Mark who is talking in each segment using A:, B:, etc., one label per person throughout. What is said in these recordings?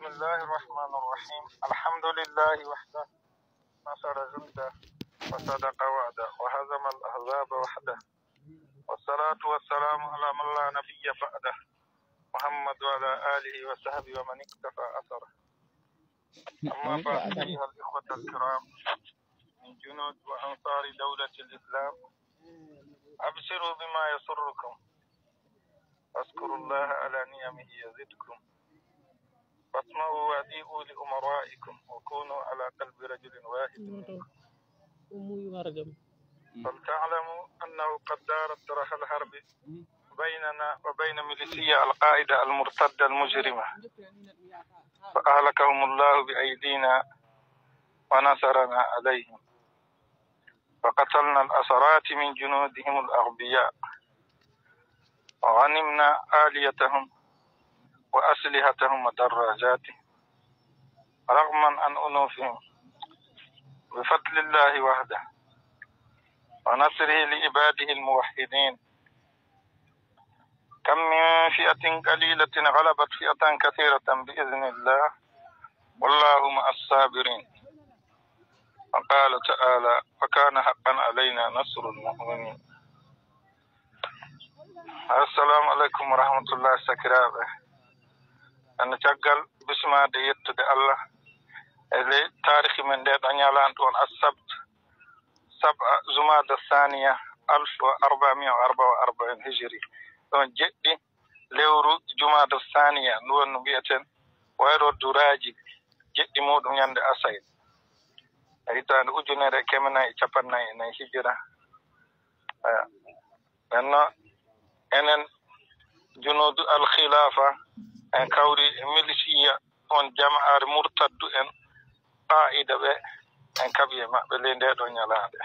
A: بسم الله الرحمن الرحيم الحمد لله وحده نصر جنده وصدق وعده وهزم الأحزاب وحده والصلاة والسلام على من لا نبي بعده محمد وعلى آله وصحبه ومن اكتفى أثره أما بعد أيها الإخوة الكرام من جنود وأنصار دولة الإسلام أبشروا بما يسركم أذكروا الله على نعمه يزدكم فاسمعوا واطيعوا لأمرائكم وكونوا على قلب رجل واحد منكم فلتعلموا أنه قد دارت درح الحرب بيننا وبين ميليشيا القاعدة المرتدة المجرمة فأهلكهم الله بأيدينا ونصرنا عليهم فقتلنا الأسرات من جنودهم الأغبياء وغنمنا آليتهم وأسلحتهم ودراجاتهم رغما عن أنوفهم بفضل الله وحده ونصره لعباده الموحدين كم من فئة قليلة غلبت فئة كثيرة بإذن الله والله مع الصابرين وقال تعالى وكان حقا علينا نصر المؤمنين السلام عليكم ورحمة الله وبركاته أنا تجعل بسمة ديت ده الله اللي تاريخ من ده دنيا لانتون السبت سبع زمة الثانية ألف وأربعمية وأربعة وأربعين هجري دون جدي لورو جمعة الثانية نور نبيتن ويرو دراجي جدي مود من عند أسعيد أريد أن أجنى ركمنا يتحبنا إن هجرة أه. أنا أنا جنود الخلافة en kawri milisiya on jamaare murtaddu en ɓaa'ida ɓe en kaɓi e maɓɓe ley nde ɗo ñalaande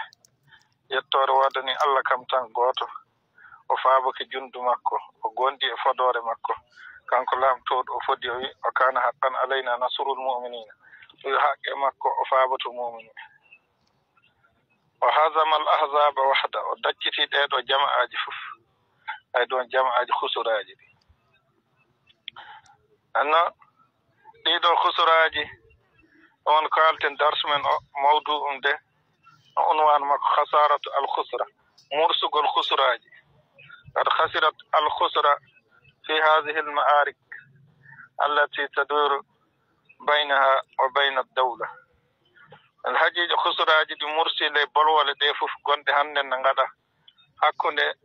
A: yettoore waddani allah kam tan gooto o faabake junndu makko o gonndi e fodoore makko kanko laamtooɗo o fodi o wi o kaana haqqan alayna nasurul muminina yo e haqe makko o faabato mumini o hasama al ahzaba wahda o dacciti ɗeeɗo jama aaji fof ay ɗon jama aaji husuraaji ɗi أنا إيدو خسراجي أون كالتن درس من موضوع عنده عنوان ما خسارة الخسرة مرسق الخسراجي قد خسرت الخسرة في هذه المعارك التي تدور بينها وبين الدولة الحجي خسراجي دي مرسي لبلوة لديفو في قندهن نغدا أكون